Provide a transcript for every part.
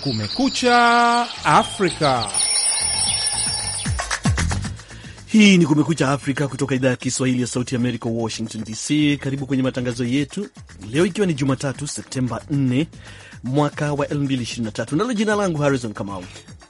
Kumekucha Afrika. Hii ni Kumekucha Afrika kutoka idhaa ya Kiswahili ya Sauti Amerika, Washington DC. Karibu kwenye matangazo yetu leo, ikiwa ni Jumatatu Septemba 4 mwaka wa 2023. Nalo jina langu Harrison Kamau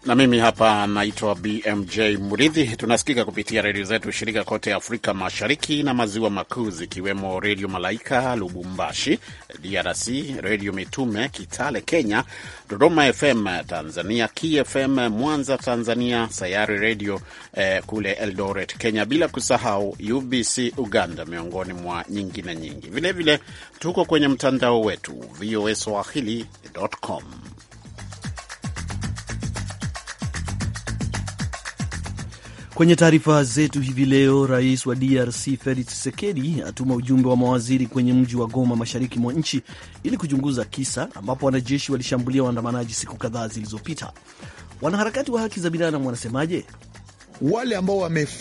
na mimi hapa naitwa BMJ mridhi Tunasikika kupitia redio zetu shirika kote Afrika Mashariki na Maziwa Makuu, zikiwemo Redio Malaika Lubumbashi DRC, Redio Mitume Kitale Kenya, Dodoma FM Tanzania, KFM Mwanza Tanzania, Sayari Redio eh, kule Eldoret Kenya, bila kusahau UBC Uganda, miongoni mwa nyingine nyingi. Vilevile vile, tuko kwenye mtandao wetu voa swahili.com. Kwenye taarifa zetu hivi leo, rais wa DRC Felix Tshisekedi atuma ujumbe wa mawaziri kwenye mji wa Goma, mashariki mwa nchi, ili kuchunguza kisa ambapo wanajeshi walishambulia waandamanaji siku kadhaa zilizopita. Wanaharakati wa haki za binadamu wanasemaje? Wale ambao wameita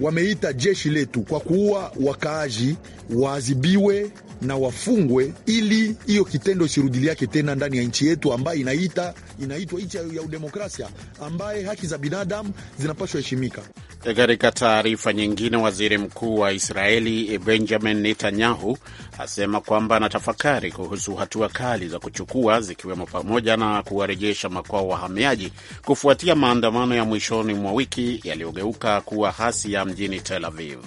wame jeshi letu kwa kuua wakaaji waadhibiwe na wafungwe, ili hiyo kitendo isirudiliake tena ndani ya nchi yetu ambayo inaita inaitwa nchi ya udemokrasia ambaye haki za binadamu zinapaswa heshimika. E, katika taarifa nyingine, waziri mkuu wa Israeli e, Benjamin Netanyahu asema kwamba anatafakari kuhusu hatua kali za kuchukua zikiwemo pamoja na kuwarejesha makwao wahamiaji kufuatia maandamano ya mwishoni mwa wiki yaliyogeuka kuwa hasi ya mjini Tel Aviv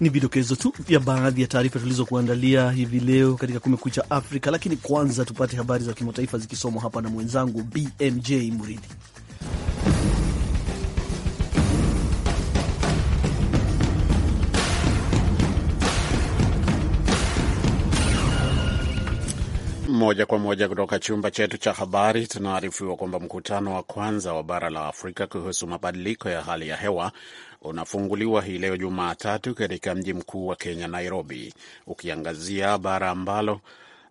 ni vidokezo tu vya baadhi ya taarifa tulizokuandalia hivi leo katika Kumekucha Afrika, lakini kwanza tupate habari za kimataifa zikisomwa hapa na mwenzangu BMJ Muridi. Moja kwa moja kutoka chumba chetu cha habari, tunaarifiwa kwamba mkutano wa kwanza wa bara la Afrika kuhusu mabadiliko ya hali ya hewa unafunguliwa hii leo Jumatatu katika mji mkuu wa Kenya, Nairobi, ukiangazia bara ambalo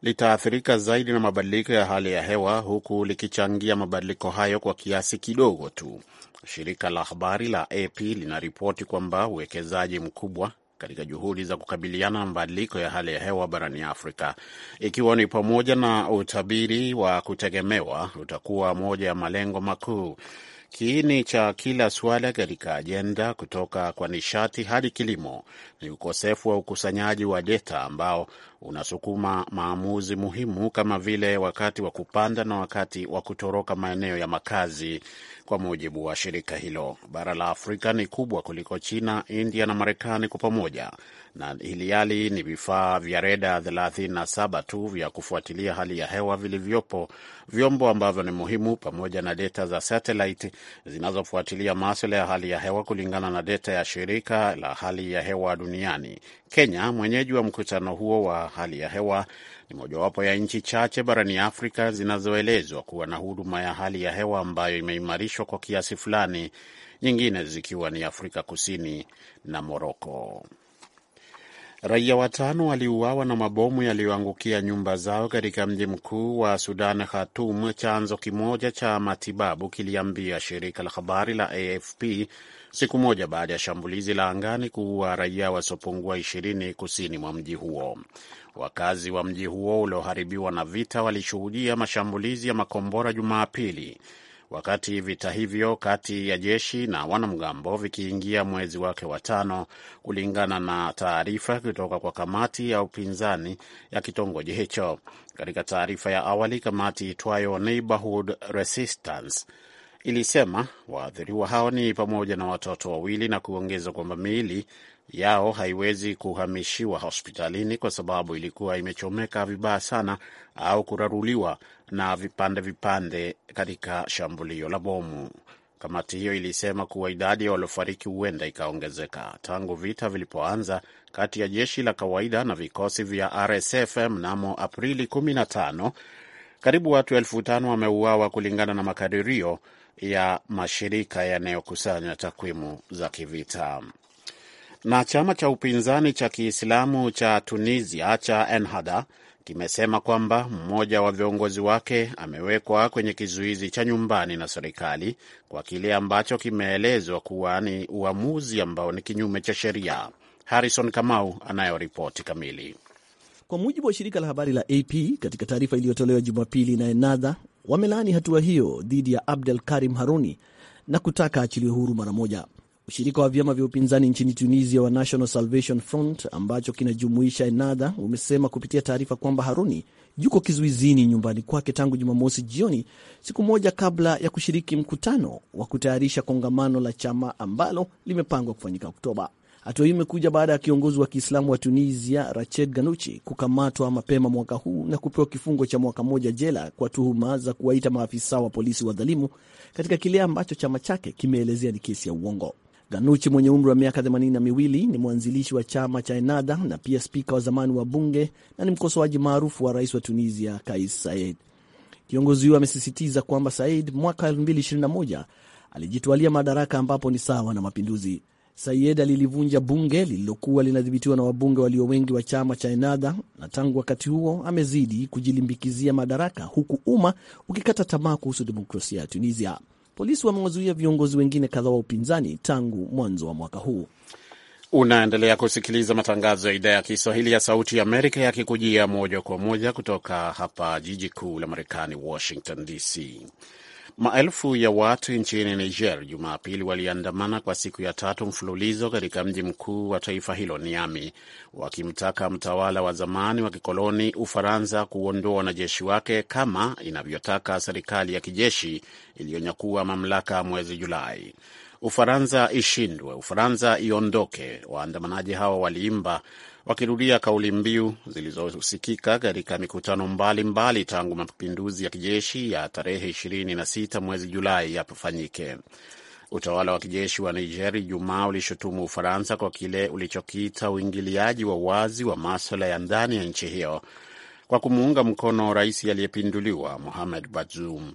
litaathirika zaidi na mabadiliko ya hali ya hewa huku likichangia mabadiliko hayo kwa kiasi kidogo tu. Shirika la habari la AP linaripoti kwamba uwekezaji mkubwa katika juhudi za kukabiliana na mabadiliko ya hali ya hewa barani Afrika, ikiwa ni pamoja na utabiri wa kutegemewa utakuwa moja ya malengo makuu Kiini cha kila suala katika ajenda, kutoka kwa nishati hadi kilimo, ni ukosefu wa ukusanyaji wa deta ambao unasukuma maamuzi muhimu kama vile wakati wa kupanda na wakati wa kutoroka maeneo ya makazi. Kwa mujibu wa shirika hilo, bara la Afrika ni kubwa kuliko China, India na Marekani kwa pamoja, na hiliali ni vifaa vya reda 37 tu vya kufuatilia hali ya hewa vilivyopo, vyombo ambavyo ni muhimu pamoja na deta za satellite zinazofuatilia maswala ya hali ya hewa kulingana na data ya shirika la hali ya hewa duniani. Kenya, mwenyeji wa mkutano huo wa hali ya hewa, ni mojawapo ya nchi chache barani Afrika zinazoelezwa kuwa na huduma ya hali ya hewa ambayo imeimarishwa kwa kiasi fulani, nyingine zikiwa ni Afrika Kusini na Moroko. Raia watano waliuawa na mabomu yaliyoangukia nyumba zao katika mji mkuu wa Sudan, Khartoum, chanzo kimoja cha matibabu kiliambia shirika la habari la AFP siku moja baada ya shambulizi la angani kuua raia wasiopungua ishirini kusini mwa mji huo. Wakazi wa mji huo ulioharibiwa na vita walishuhudia mashambulizi ya makombora Jumapili wakati vita hivyo kati ya jeshi na wanamgambo vikiingia mwezi wake wa tano, kulingana na taarifa kutoka kwa kamati ya upinzani ya kitongoji hicho. Katika taarifa ya awali, kamati itwayo Neighborhood Resistance ilisema waathiriwa hao ni pamoja na watoto wawili na kuongeza kwamba miili yao haiwezi kuhamishiwa hospitalini kwa sababu ilikuwa imechomeka vibaya sana au kuraruliwa na vipande vipande katika shambulio la bomu. Kamati hiyo ilisema kuwa idadi ya waliofariki huenda ikaongezeka tangu vita vilipoanza kati ya jeshi la kawaida na vikosi vya RSF mnamo Aprili 15. Karibu watu elfu tano wameuawa kulingana na makadirio ya mashirika yanayokusanya takwimu za kivita. Na chama cha upinzani cha Kiislamu cha Tunisia cha Ennahda kimesema kwamba mmoja wa viongozi wake amewekwa kwenye kizuizi cha nyumbani na serikali kwa kile ambacho kimeelezwa kuwa ni uamuzi ambao ni kinyume cha sheria. Harrison Kamau anayo ripoti kamili. Kwa mujibu wa shirika la habari la AP, katika taarifa iliyotolewa Jumapili na Enadha, wamelaani hatua hiyo dhidi ya Abdel Karim Haruni na kutaka achiliwe huru mara moja. Ushirika wa vyama vya upinzani nchini Tunisia wa National Salvation Front ambacho kinajumuisha Ennahda umesema kupitia taarifa kwamba Haruni yuko kizuizini nyumbani kwake tangu Jumamosi jioni, siku moja kabla ya kushiriki mkutano wa kutayarisha kongamano la chama ambalo limepangwa kufanyika Oktoba. Hatua hii imekuja baada ya kiongozi wa Kiislamu wa Tunisia Rached Ghannouchi kukamatwa mapema mwaka huu na kupewa kifungo cha mwaka mmoja jela kwa tuhuma za kuwaita maafisa wa polisi wadhalimu katika kile ambacho chama chake kimeelezea ni kesi ya uongo. Ganuchi mwenye umri wa miaka themanini na miwili ni mwanzilishi wa chama cha Ennahda na pia spika wa zamani wa bunge na ni mkosoaji maarufu wa rais wa Tunisia Kais Saied. Kiongozi huyo amesisitiza kwamba Said mwaka 2021 alijitwalia madaraka ambapo ni sawa na mapinduzi. Sayed alilivunja bunge lililokuwa linadhibitiwa na wabunge walio wengi wa chama cha Ennahda na tangu wakati huo amezidi kujilimbikizia madaraka, huku umma ukikata tamaa kuhusu demokrasia ya Tunisia. Polisi wamewazuia viongozi wengine kadhaa wa upinzani tangu mwanzo wa mwaka huu. Unaendelea kusikiliza matangazo ya idhaa ya Kiswahili ya Sauti ya Amerika yakikujia moja kwa moja kutoka hapa jiji kuu la Marekani, Washington DC. Maelfu ya watu nchini Niger Jumapili waliandamana kwa siku ya tatu mfululizo katika mji mkuu wa taifa hilo Niami, wakimtaka mtawala wa zamani wa kikoloni Ufaransa kuondoa wanajeshi wake kama inavyotaka serikali ya kijeshi iliyonyakua mamlaka mwezi Julai. Ufaransa ishindwe, Ufaransa iondoke, waandamanaji hao waliimba wakirudia kauli mbiu zilizosikika katika mikutano mbalimbali mbali tangu mapinduzi ya kijeshi ya tarehe 26 mwezi Julai yapofanyike. Utawala wa kijeshi wa Niger jumaa ulishutumu Ufaransa kwa kile ulichokiita uingiliaji wa wazi wa maswala ya ndani ya nchi hiyo kwa kumuunga mkono rais aliyepinduliwa Mohamed Bazoum.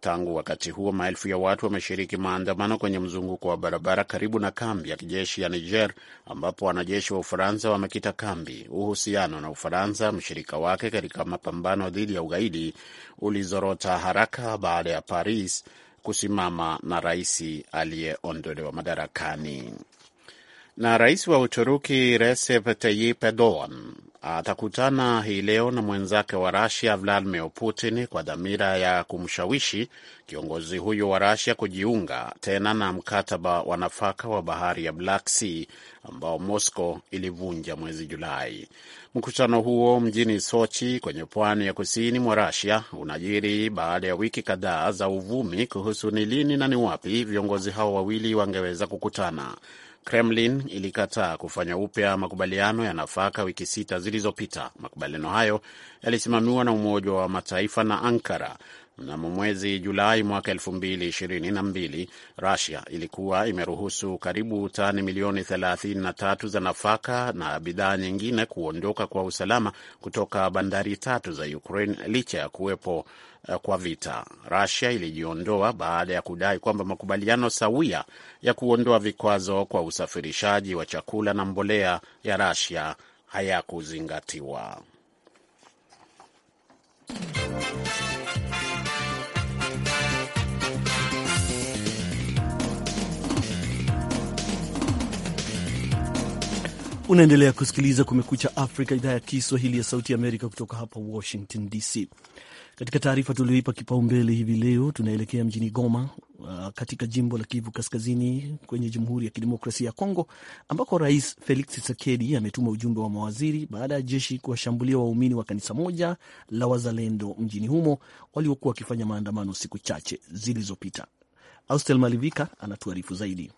Tangu wakati huo maelfu ya watu wameshiriki maandamano kwenye mzunguko wa barabara karibu na kambi ya kijeshi ya Niger, ambapo wanajeshi wa Ufaransa wamekita kambi. Uhusiano na Ufaransa, mshirika wake katika mapambano dhidi ya ugaidi, ulizorota haraka baada ya Paris kusimama na rais aliyeondolewa madarakani. Na rais wa Uturuki Recep Tayyip Erdogan atakutana hii leo na mwenzake wa Rasia Vladimir Putin kwa dhamira ya kumshawishi kiongozi huyo wa Rasia kujiunga tena na mkataba wa nafaka wa bahari ya Black Sea ambao Moscow ilivunja mwezi Julai. Mkutano huo mjini Sochi kwenye pwani ya kusini mwa Rasia unajiri baada ya wiki kadhaa za uvumi kuhusu ni lini na ni wapi viongozi hao wawili wangeweza kukutana. Kremlin ilikataa kufanya upya makubaliano ya nafaka wiki sita zilizopita. Makubaliano hayo yalisimamiwa na Umoja wa Mataifa na Ankara. Mnamo mwezi Julai mwaka mbili Rusia ilikuwa imeruhusu karibu tani milioni 33 za nafaka na bidhaa nyingine kuondoka kwa usalama kutoka bandari tatu za Ukraine licha ya kuwepo Eh, kwa vita. rasia ilijiondoa baada ya kudai kwamba makubaliano sawia ya kuondoa vikwazo kwa usafirishaji wa chakula na mbolea ya rasia hayakuzingatiwa. Unaendelea kusikiliza Kumekucha Afrika, idhaa ya Kiswahili ya Sauti ya Amerika, kutoka hapa Washington DC. Katika taarifa tulioipa kipaumbele hivi leo, tunaelekea mjini Goma uh, katika jimbo la Kivu Kaskazini kwenye Jamhuri ya Kidemokrasia ya Kongo, ambako Rais Felix Tshisekedi ametuma ujumbe wa mawaziri baada ya jeshi kuwashambulia waumini wa kanisa moja la Wazalendo mjini humo waliokuwa wakifanya maandamano siku chache zilizopita. Austel Malivika anatuarifu zaidi.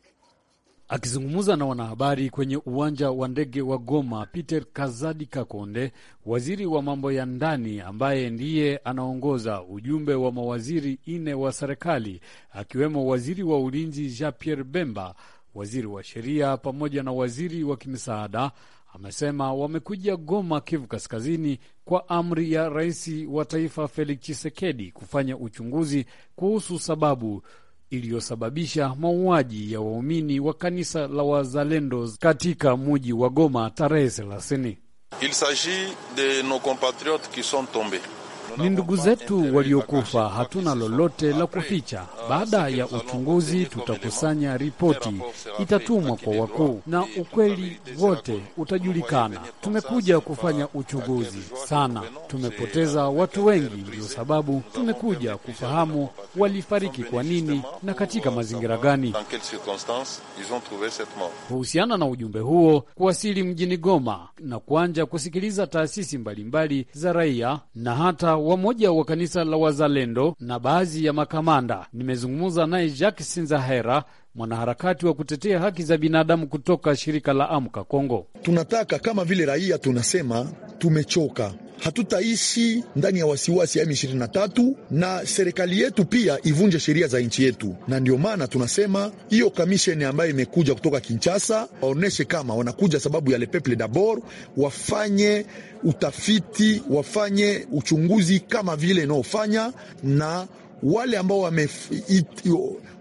Akizungumza na wanahabari kwenye uwanja wa ndege wa Goma, Peter Kazadi Kakonde, waziri wa mambo ya ndani ambaye ndiye anaongoza ujumbe wa mawaziri nne wa serikali, akiwemo waziri wa ulinzi Jean Pierre Bemba, waziri wa sheria pamoja na waziri wa kimisaada, amesema wamekuja Goma, Kivu Kaskazini, kwa amri ya rais wa taifa Felix Tshisekedi kufanya uchunguzi kuhusu sababu iliyosababisha mauaji ya waumini wa kanisa la Wazalendo katika muji wa Goma tarehe 30. Il s'agit de nos compatriotes qui sont tombés ni ndugu zetu waliokufa, hatuna lolote la kuficha. Baada ya uchunguzi, tutakusanya ripoti, itatumwa kwa wakuu na ukweli wote utajulikana. Tumekuja kufanya uchunguzi sana, tumepoteza watu wengi, ndio sababu tumekuja kufahamu walifariki kwa nini na katika mazingira gani. Kuhusiana na ujumbe huo, kuwasili mjini Goma na kuanja kusikiliza taasisi mbalimbali mbali za raia na hata wa moja wa kanisa la Wazalendo na baadhi ya makamanda. Nimezungumza naye Jacques Sinzahera, mwanaharakati wa kutetea haki za binadamu kutoka shirika la Amka Kongo. Tunataka kama vile raia tunasema tumechoka hatutaishi ndani ya wasiwasi ya M23 na serikali yetu pia ivunje sheria za nchi yetu, na ndio maana tunasema hiyo kamisheni ambayo imekuja kutoka Kinshasa waoneshe kama wanakuja sababu ya le peuple d'abord, wafanye utafiti, wafanye uchunguzi kama vile inaofanya na wale ambao wameita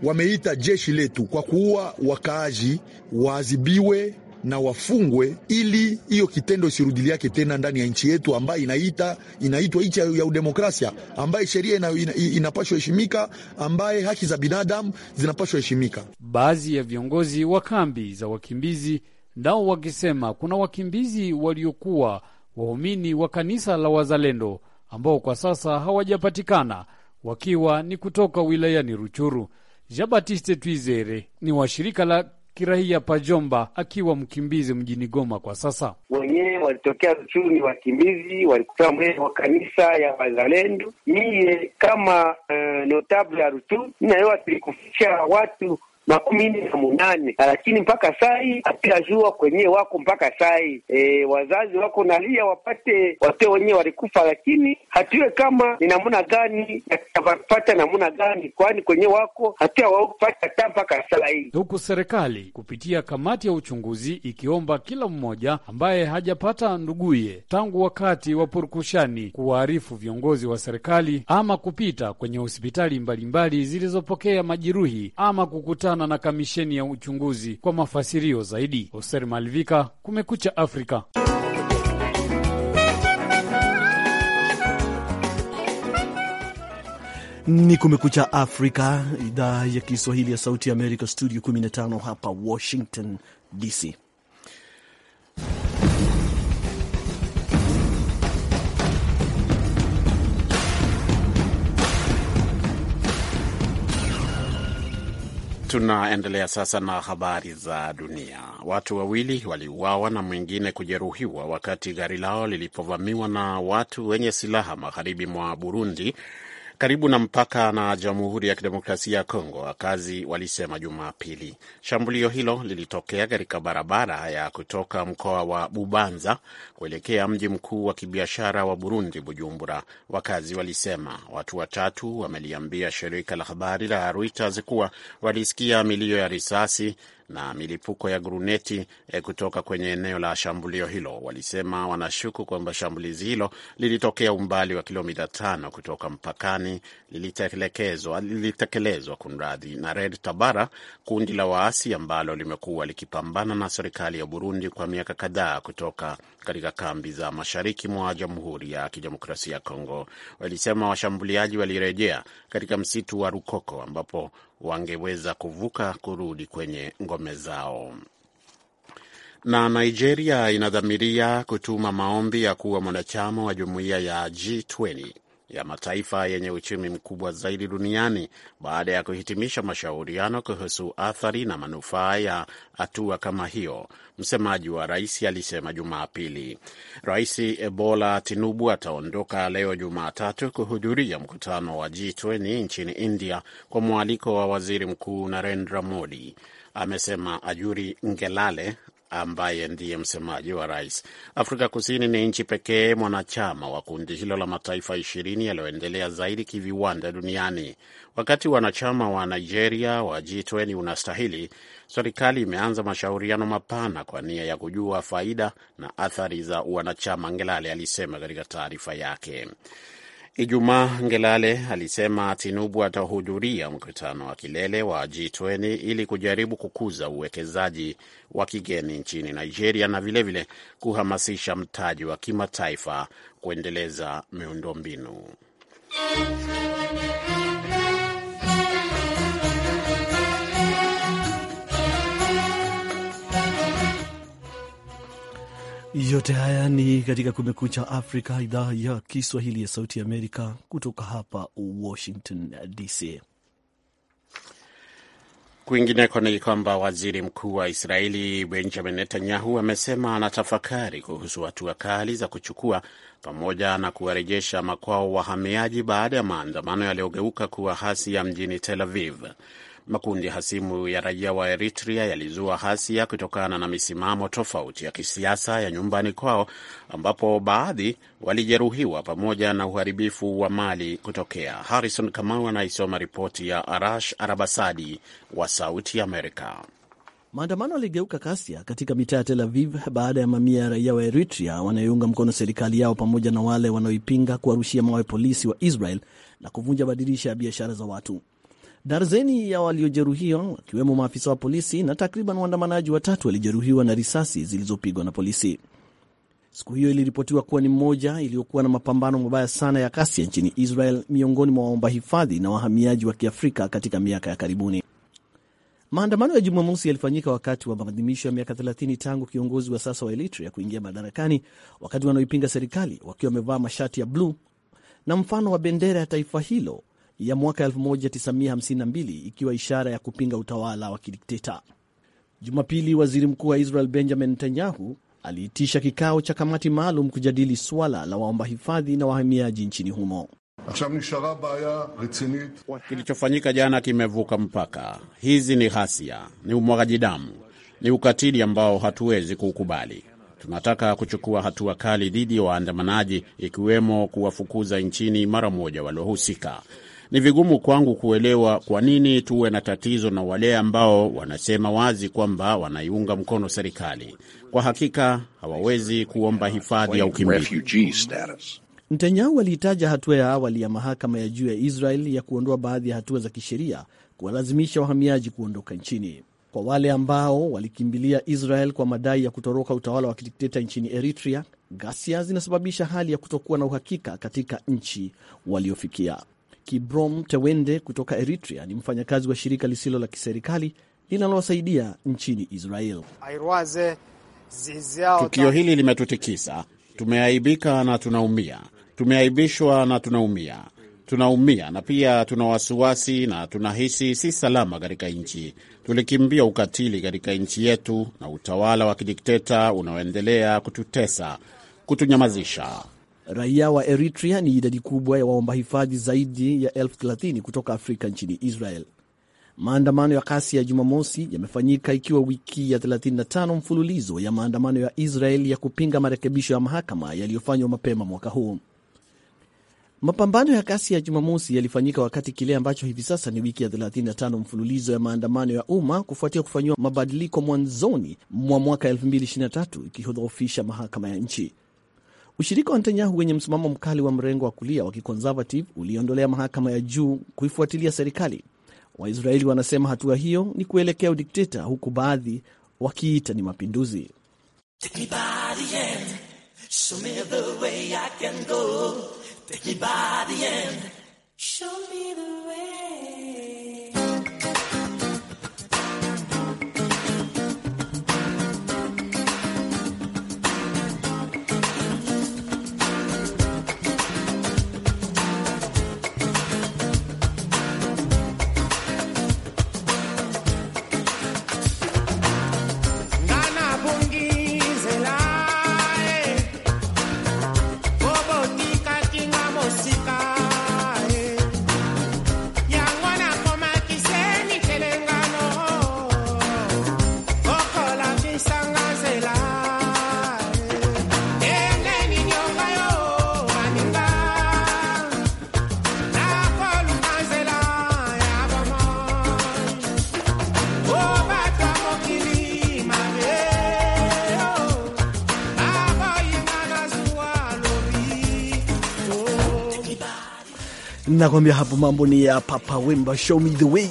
wame jeshi letu kwa kuua wakaaji waadhibiwe na wafungwe, ili hiyo kitendo isirudiliake tena ndani ya nchi yetu ambayo inaita inaitwa nchi ya udemokrasia, ambaye sheria ina, ina, inapashwa heshimika, ambaye haki za binadamu zinapashwa heshimika. Baadhi ya viongozi wa kambi za wakimbizi nao wakisema kuna wakimbizi waliokuwa waumini wa kanisa la Wazalendo ambao kwa sasa hawajapatikana wakiwa ni kutoka wilayani Ruchuru. Jean Baptiste Twizere ni washirika la kiraia Pajomba akiwa mkimbizi mjini Goma kwa sasa. Wenyewe walitokea uchumi wakimbizi, walikuwa mwezi wa kanisa ya Wazalendo. niye kama uh, notable ya Rutu, ninayowa tulikuficha watu makumi nne na munane, lakini mpaka sai hatujajua kwenye wako mpaka sai. E, wazazi wako nalia wapate wate wenyewe walikufa, lakini hatuwe kama ni namuna gani atapata namuna gani, kwani kwenye wako waupata hata mpaka sai, huku serikali kupitia kamati ya uchunguzi ikiomba kila mmoja ambaye hajapata nduguye tangu wakati wa purukushani kuwaarifu viongozi wa serikali ama kupita kwenye hospitali mbalimbali zilizopokea majeruhi ama kukutana kutokana na kamisheni ya uchunguzi kwa mafasirio zaidi. Hoser Malvika, Kumekucha Afrika. Ni Kumekucha Afrika, idhaa ya Kiswahili ya Sauti ya Amerika, studio 15 hapa Washington DC. Tunaendelea sasa na habari za dunia. Watu wawili waliuawa na mwingine kujeruhiwa wakati gari lao lilipovamiwa na watu wenye silaha magharibi mwa Burundi karibu na mpaka na Jamhuri ya Kidemokrasia ya Kongo, wakazi walisema Jumapili. Shambulio hilo lilitokea katika barabara ya kutoka mkoa wa Bubanza kuelekea mji mkuu wa kibiashara wa Burundi, Bujumbura. Wakazi walisema watu watatu wameliambia shirika la habari la Reuters kuwa walisikia milio ya risasi na milipuko ya gruneti eh, kutoka kwenye eneo la shambulio hilo. Walisema wanashuku kwamba shambulizi hilo lilitokea umbali wa kilomita tano kutoka mpakani, lilitekelezwa lilitekelezwa kunradhi na Red Tabara, kundi la waasi ambalo limekuwa likipambana na serikali ya Burundi kwa miaka kadhaa kutoka katika kambi za mashariki mwa Jamhuri ya Kidemokrasia ya Kongo. Walisema washambuliaji walirejea katika msitu wa Rukoko ambapo wangeweza kuvuka kurudi kwenye ngome zao. Na Nigeria inadhamiria kutuma maombi ya kuwa mwanachama wa jumuiya ya G20 ya mataifa yenye uchumi mkubwa zaidi duniani baada ya kuhitimisha mashauriano kuhusu athari na manufaa ya hatua kama hiyo, msemaji wa rais alisema Jumapili. Rais ebola Tinubu ataondoka leo Jumatatu kuhudhuria mkutano wa G20 nchini India kwa mwaliko wa waziri mkuu Narendra Modi, amesema Ajuri Ngelale ambaye ndiye msemaji wa rais. Afrika Kusini ni nchi pekee mwanachama wa kundi hilo la mataifa ishirini yaliyoendelea zaidi kiviwanda duniani. Wakati wanachama wa Nigeria wa G20 unastahili, serikali imeanza mashauriano mapana kwa nia ya kujua faida na athari za wanachama, Ngelale alisema katika taarifa yake. Ijumaa, Ngelale alisema Tinubu atahudhuria mkutano wa kilele wa G20 ili kujaribu kukuza uwekezaji wa kigeni nchini Nigeria na vilevile vile kuhamasisha mtaji wa kimataifa kuendeleza miundombinu Yote haya ni katika Kumekucha Afrika, idhaa ya Kiswahili ya Sauti ya Amerika, kutoka hapa Washington DC. Kwingineko ni kwamba waziri mkuu wa Israeli Benjamin Netanyahu amesema anatafakari kuhusu hatua kali za kuchukua pamoja na kuwarejesha makwao wahamiaji baada ya maandamano yaliyogeuka kuwa hasi ya mjini Tel Aviv. Makundi hasimu ya raia wa Eritrea yalizua hasia kutokana na misimamo tofauti ya kisiasa ya nyumbani kwao, ambapo baadhi walijeruhiwa pamoja na uharibifu wa mali kutokea. Harrison Kamau anaisoma ripoti ya Arash Arabasadi wa Sauti Amerika. Maandamano yaligeuka ghasia katika mitaa ya Tel Aviv baada ya mamia ya raia wa Eritrea wanayounga mkono serikali yao pamoja na wale wanaoipinga kuwarushia mawe polisi wa Israel na kuvunja madirisha ya biashara za watu. Darzeni ya waliojeruhiwa wakiwemo maafisa wa polisi na takriban waandamanaji watatu walijeruhiwa na risasi zilizopigwa na polisi. Siku hiyo iliripotiwa kuwa ni moja iliyokuwa na mapambano mabaya sana ya ghasia nchini Israel miongoni mwa waomba hifadhi na wahamiaji wa Kiafrika katika miaka ya karibuni. Maandamano ya Jumamosi yalifanyika wakati wa maadhimisho ya miaka 30 tangu kiongozi wa sasa wa Eritrea kuingia madarakani, wakati wanaoipinga serikali wakiwa wamevaa mashati ya bluu na mfano wa bendera ya taifa hilo ya mwaka 1952 ikiwa ishara ya kupinga utawala wa kidikteta. Jumapili, waziri mkuu wa Israel Benjamin Netanyahu aliitisha kikao cha kamati maalum kujadili swala la waomba hifadhi na wahamiaji nchini humo. Kilichofanyika jana kimevuka mpaka. Hizi ni ghasia, ni umwagaji damu, ni ukatili ambao hatuwezi kuukubali. Tunataka kuchukua hatua kali dhidi ya wa waandamanaji, ikiwemo kuwafukuza nchini mara moja waliohusika. Ni vigumu kwangu kuelewa kwa nini tuwe na tatizo na wale ambao wanasema wazi kwamba wanaiunga mkono serikali. Kwa hakika hawawezi kuomba hifadhi ya ukimbizi. Netanyahu aliitaja hatua ya awali ya mahakama ya juu ya Israel ya kuondoa baadhi ya hatua za kisheria kuwalazimisha wahamiaji kuondoka nchini. Kwa wale ambao walikimbilia Israel kwa madai ya kutoroka utawala wa kidikteta nchini Eritrea, ghasia zinasababisha hali ya kutokuwa na uhakika katika nchi waliofikia. Kibrom Tewende kutoka Eritrea ni mfanyakazi wa shirika lisilo la kiserikali linalowasaidia nchini Israel. Tukio hili limetutikisa, tumeaibika na tunaumia, tumeaibishwa na tunaumia, tunaumia na pia tuna wasiwasi na tunahisi si salama katika nchi. Tulikimbia ukatili katika nchi yetu na utawala wa kidikteta unaoendelea kututesa, kutunyamazisha Raia wa Eritrea ni idadi kubwa ya waomba hifadhi zaidi ya elfu thelathini kutoka Afrika nchini Israel. Maandamano ya kasi ya Jumamosi yamefanyika ikiwa wiki ya 35 mfululizo ya maandamano ya Israel ya kupinga marekebisho ya mahakama yaliyofanywa mapema mwaka huu. Mapambano ya kasi ya Jumamosi yalifanyika wakati kile ambacho hivi sasa ni wiki ya 35 mfululizo ya maandamano ya umma kufuatia kufanyiwa mabadiliko mwanzoni mwa mwaka 2023 ikihudhofisha mahakama ya nchi. Ushirika wa Netanyahu wenye msimamo mkali wa mrengo wa kulia wa kiconservative uliondolea mahakama ya juu kuifuatilia serikali. Waisraeli wanasema hatua hiyo ni kuelekea udikteta, huku baadhi wakiita ni mapinduzi. me the me the nakwambia hapo mambo ni ya Papa Wemba, show me the way.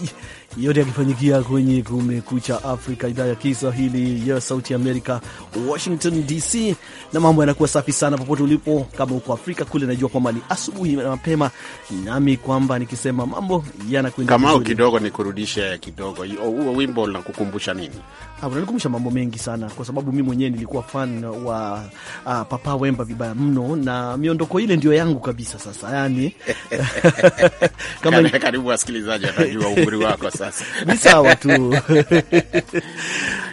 Yote yakifanyikia kwenye Kumekucha Afrika, idhaa ya Kiswahili ya Sauti Amerika, Washington DC, na mambo yanakuwa safi sana popote ulipo. Kama uko Afrika kule, najua kwamba ni asubuhi na mapema, nami kwamba nikisema mambo yanakwenda kama kidogo, nikurudishe kidogo. Huo wimbo unakukumbusha nini? unanikumbusha mambo mengi sana, kwa sababu mi mwenyewe nilikuwa fan wa uh, Papa Wemba vibaya mno, na miondoko ile ndio yangu kabisa. Sasa yani kama karibu wasikilizaji watajua umri wako sasa ni sawa tu.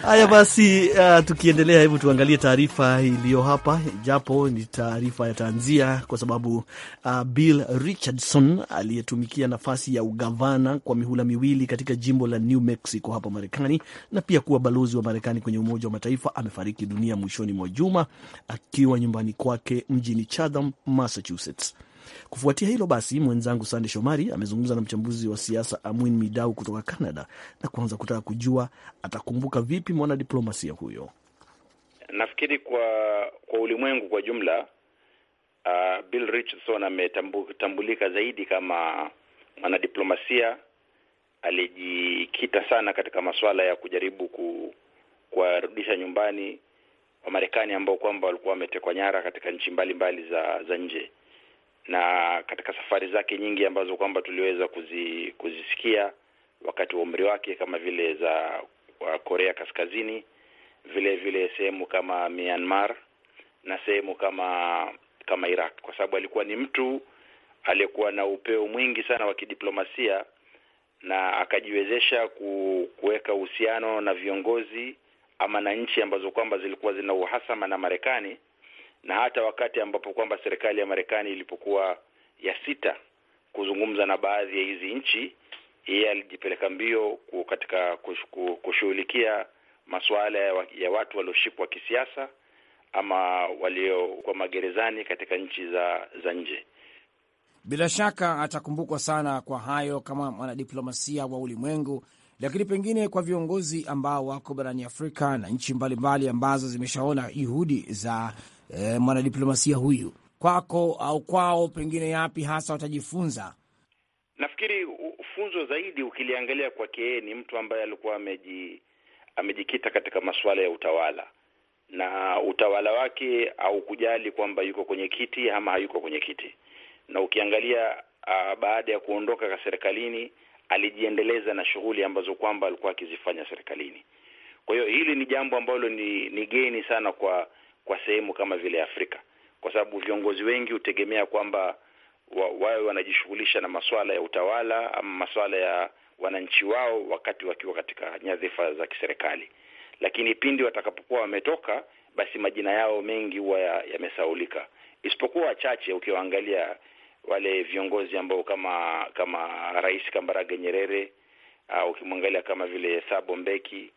Haya basi, uh, tukiendelea, hebu tuangalie taarifa iliyo hapa, japo ni taarifa ya tanzia, kwa sababu uh, Bill Richardson aliyetumikia nafasi ya ugavana kwa mihula miwili katika jimbo la New Mexico hapa Marekani na pia kuwa balozi wa Marekani kwenye Umoja wa Mataifa amefariki dunia mwishoni mwa juma akiwa nyumbani kwake mjini Chatham, Massachusetts. Kufuatia hilo basi, mwenzangu Sande Shomari amezungumza na mchambuzi wa siasa Amwin Midau kutoka Canada na kuanza kutaka kujua atakumbuka vipi mwanadiplomasia huyo. Nafikiri kwa kwa ulimwengu kwa jumla, uh, Bill Richardson ametambulika zaidi kama mwanadiplomasia alijikita sana katika masuala ya kujaribu ku, kuwarudisha nyumbani Wamarekani ambao kwamba walikuwa wametekwa nyara katika nchi mbalimbali za za nje, na katika safari zake nyingi ambazo kwamba tuliweza kuzi, kuzisikia wakati wa umri wake kama vile za wa Korea Kaskazini, vile vile sehemu kama Myanmar na sehemu kama kama Iraq, kwa sababu alikuwa ni mtu aliyekuwa na upeo mwingi sana wa kidiplomasia na akajiwezesha kuweka uhusiano na viongozi ama na nchi ambazo kwamba zilikuwa zina uhasama na Marekani, na hata wakati ambapo kwamba serikali ya Marekani ilipokuwa ya sita kuzungumza na baadhi ya hizi nchi, yeye alijipeleka mbio katika kushughulikia masuala ya watu walioshikwa kisiasa ama waliokuwa magerezani katika nchi za za nje. Bila shaka atakumbukwa sana kwa hayo kama mwanadiplomasia wa ulimwengu, lakini pengine kwa viongozi ambao wako barani Afrika na nchi mbalimbali ambazo zimeshaona juhudi za e, mwanadiplomasia huyu, kwako au kwao, pengine yapi hasa watajifunza? Nafikiri funzo zaidi ukiliangalia kwake yeye, ni mtu ambaye alikuwa ameji, amejikita katika masuala ya utawala na utawala wake au kujali kwamba yuko kwenye kiti ama hayuko kwenye kiti na ukiangalia uh, baada ya kuondoka serikalini alijiendeleza na shughuli ambazo kwamba alikuwa akizifanya serikalini. Kwa hiyo hili ni jambo ambalo ni, ni geni sana kwa kwa sehemu kama vile Afrika, kwa sababu viongozi wengi hutegemea kwamba wawe wanajishughulisha na masuala ya utawala ama masuala ya wananchi wao wakati wakiwa katika nyadhifa za kiserikali, lakini pindi watakapokuwa wametoka, basi majina yao mengi huwa yamesaulika, isipokuwa wachache ukiwaangalia wale viongozi ambao kama kama Rais Kambarage Nyerere, ah, ukimwangalia kama vile Thabo Mbeki,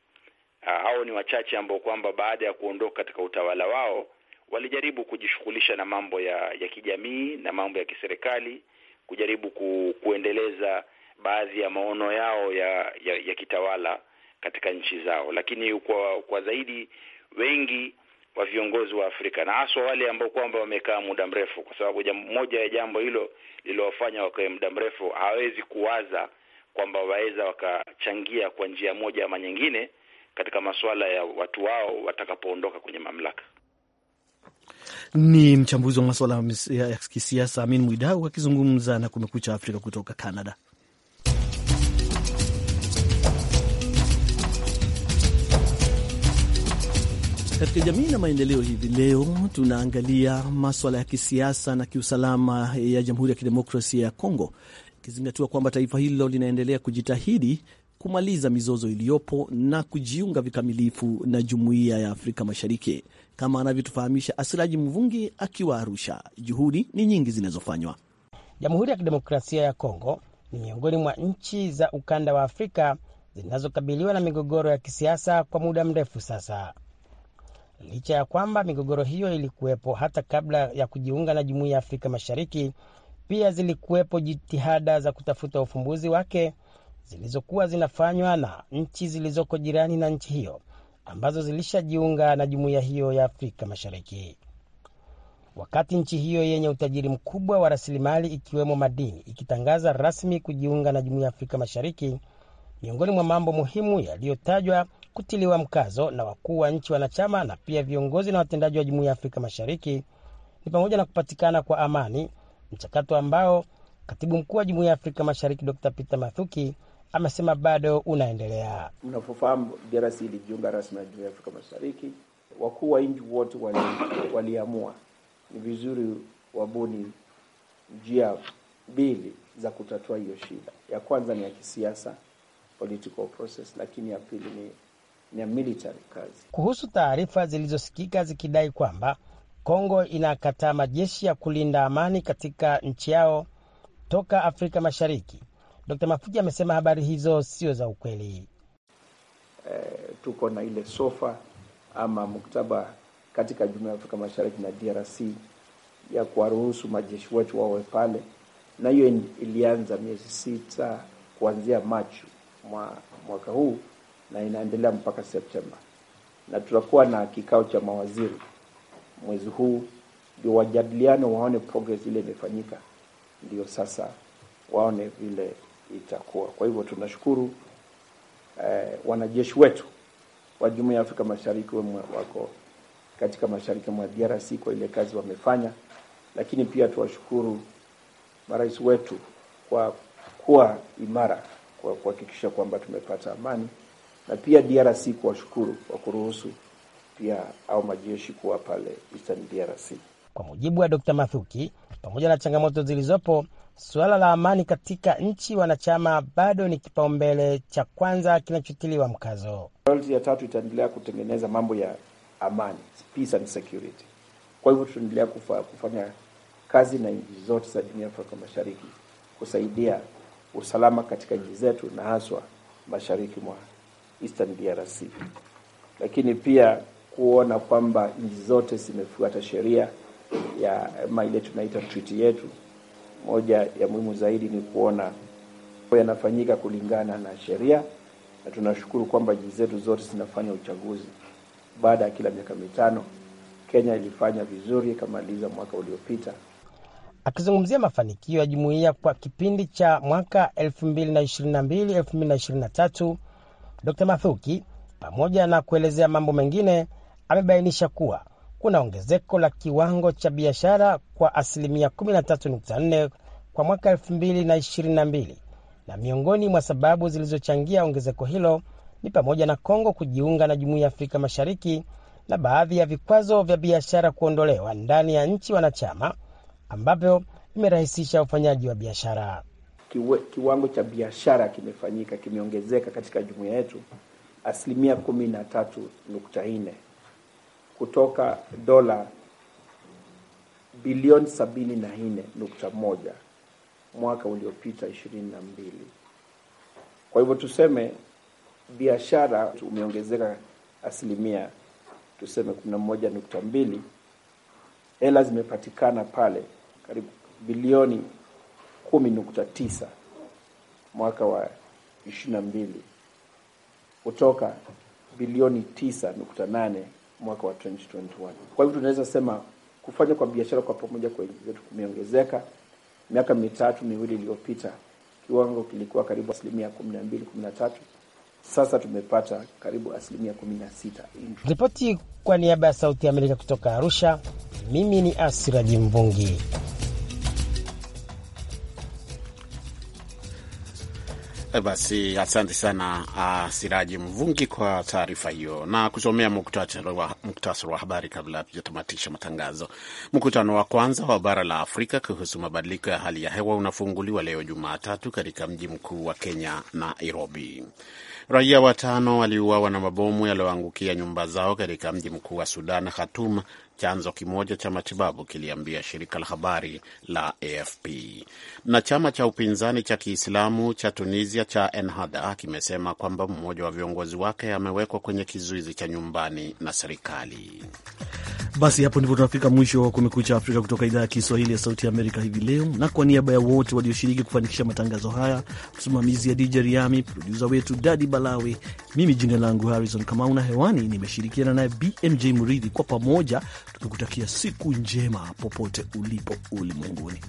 au ah, ni wachache ambao kwamba baada ya kuondoka katika utawala wao walijaribu kujishughulisha na mambo ya ya kijamii na mambo ya kiserikali, kujaribu ku, kuendeleza baadhi ya maono yao ya, ya, ya kitawala katika nchi zao, lakini kwa, kwa zaidi wengi wa viongozi wa Afrika na haswa wale ambao kwamba wamekaa muda mrefu, kwa sababu moja ya jambo hilo lililowafanya wakae muda mrefu, hawezi kuwaza kwamba waweza wakachangia kwa njia moja ama nyingine katika masuala ya watu wao watakapoondoka kwenye mamlaka. Ni mchambuzi wa masuala ya kisiasa Amin Mwidau akizungumza na Kumekucha Afrika kutoka Canada. Katika jamii na maendeleo hivi leo tunaangalia maswala ya kisiasa na kiusalama ya Jamhuri ya Kidemokrasia ya Kongo, ikizingatiwa kwamba taifa hilo linaendelea kujitahidi kumaliza mizozo iliyopo na kujiunga vikamilifu na Jumuiya ya Afrika Mashariki, kama anavyotufahamisha Asiraji Mvungi akiwa Arusha. Juhudi ni nyingi zinazofanywa. Jamhuri ya Kidemokrasia ya Kongo ni miongoni mwa nchi za ukanda wa Afrika zinazokabiliwa na migogoro ya kisiasa kwa muda mrefu sasa licha ya kwamba migogoro hiyo ilikuwepo hata kabla ya kujiunga na jumuiya ya Afrika Mashariki. Pia zilikuwepo jitihada za kutafuta ufumbuzi wake zilizokuwa zinafanywa na nchi zilizoko jirani na nchi hiyo ambazo zilishajiunga na jumuiya hiyo ya Afrika Mashariki. Wakati nchi hiyo yenye utajiri mkubwa wa rasilimali ikiwemo madini ikitangaza rasmi kujiunga na jumuiya ya Afrika Mashariki, Miongoni mwa mambo muhimu yaliyotajwa kutiliwa mkazo na wakuu wa nchi wanachama na pia viongozi na watendaji wa Jumuiya ya Afrika Mashariki ni pamoja na kupatikana kwa amani, mchakato ambao katibu mkuu wa Jumuiya ya Afrika Mashariki Dr Peter Mathuki amesema bado unaendelea. Mnavyofahamu, DRC ilijiunga rasmi na Jumuiya ya Afrika Mashariki. Wakuu wa nchi wote waliamua wali ni vizuri wabuni njia mbili za kutatua hiyo shida. Ya kwanza ni ya kisiasa political process, lakini ya pili ni, ni military kazi. Kuhusu taarifa zilizosikika zikidai kwamba Kongo inakataa majeshi ya kulinda amani katika nchi yao toka Afrika Mashariki, Dr. Mafuji amesema habari hizo sio za ukweli. Eh, tuko na ile sofa ama muktaba katika Jumuiya ya Afrika Mashariki na DRC ya kuwaruhusu majeshi wetu wawe pale, na hiyo ilianza miezi sita kuanzia Machi mwa mwaka huu na inaendelea mpaka Septemba, na tutakuwa na kikao cha mawaziri mwezi huu ndio wajadiliane, waone progress ile imefanyika, ndio sasa waone vile itakuwa. Kwa hivyo tunashukuru eh, wanajeshi wetu wa Jumuiya ya Afrika Mashariki wako katika mashariki mwa DRC kwa ile kazi wamefanya, lakini pia tuwashukuru marais wetu kwa kuwa imara kwa kuhakikisha kwamba tumepata amani, na pia DRC kuwashukuru kwa kuruhusu pia au majeshi kuwa pale Eastern DRC. Kwa mujibu wa Dr. Mathuki, pamoja na changamoto zilizopo, suala la amani katika nchi wanachama bado ni kipaumbele cha kwanza kinachotiliwa mkazo. Priority ya tatu itaendelea kutengeneza mambo ya amani, peace and security. Kwa hivyo tutaendelea kufanya kazi na nchi zote za jumuiya ya Afrika Mashariki kusaidia usalama katika nchi zetu na haswa mashariki mwa Eastern DRC, lakini pia kuona kwamba nchi zote zimefuata sheria ya ile tunaita treaty yetu. Moja ya muhimu zaidi ni kuona yanafanyika kulingana na sheria, na tunashukuru kwamba nchi zetu zote zinafanya uchaguzi baada ya kila miaka mitano. Kenya ilifanya vizuri, ikamaliza mwaka uliopita. Akizungumzia mafanikio ya jumuiya kwa kipindi cha mwaka 2022-2023, Dr. Mathuki pamoja na kuelezea mambo mengine amebainisha kuwa kuna ongezeko la kiwango cha biashara kwa asilimia 13.4 kwa mwaka 2022 na miongoni mwa sababu zilizochangia ongezeko hilo ni pamoja na Kongo kujiunga na Jumuiya ya Afrika Mashariki na baadhi ya vikwazo vya biashara kuondolewa ndani ya nchi wanachama ambavyo imerahisisha ufanyaji wa biashara. Kiwango cha biashara kimefanyika kimeongezeka katika jumuiya yetu asilimia kumi na tatu nukta nne kutoka dola bilioni sabini na nne nukta moja mwaka uliopita ishirini na mbili. Kwa hivyo tuseme biashara umeongezeka asilimia tuseme kumi na moja nukta mbili. Hela zimepatikana pale karibu bilioni 10.9 mwaka wa 22 kutoka bilioni 98 mwaka wa 2021. Kwa hivyo tunaweza sema kufanya kwa biashara kwa pamoja kwa nchi zetu kumeongezeka. Miaka mitatu miwili iliyopita kiwango kilikuwa karibu asilimia 12 13, sasa tumepata karibu asilimia 16. Ripoti kwa niaba ya Sauti ya Amerika kutoka Arusha, mimi ni Asiraji Mvungi. Eh, basi asante sana uh, Siraji Mvungi kwa taarifa hiyo na kusomea muktasari wa habari kabla hatujatamatisha matangazo. Mkutano wa kwanza wa bara la Afrika kuhusu mabadiliko ya hali ya hewa unafunguliwa leo Jumatatu katika mji mkuu wa Kenya, Nairobi. Raia watano waliuawa na mabomu yaliyoangukia nyumba zao katika mji mkuu wa Sudan, Khartoum, chanzo kimoja cha matibabu kiliambia shirika la habari la AFP. Na chama cha upinzani cha Kiislamu cha Tunisia cha Ennahda kimesema kwamba mmoja wa viongozi wake amewekwa kwenye kizuizi cha nyumbani na serikali. Basi hapo ndipo tunafika mwisho wa Kumekucha Afrika kutoka idhaa ya Kiswahili ya Sauti ya Amerika hivi leo, na kwa niaba ya wote walioshiriki kufanikisha matangazo haya, msimamizi ya DJ Riami, produsa wetu Dadi Balawe, mimi jina langu Harrison Kamau na hewani nimeshirikiana naye BMJ Muridhi, kwa pamoja tukikutakia siku njema popote ulipo ulimwenguni.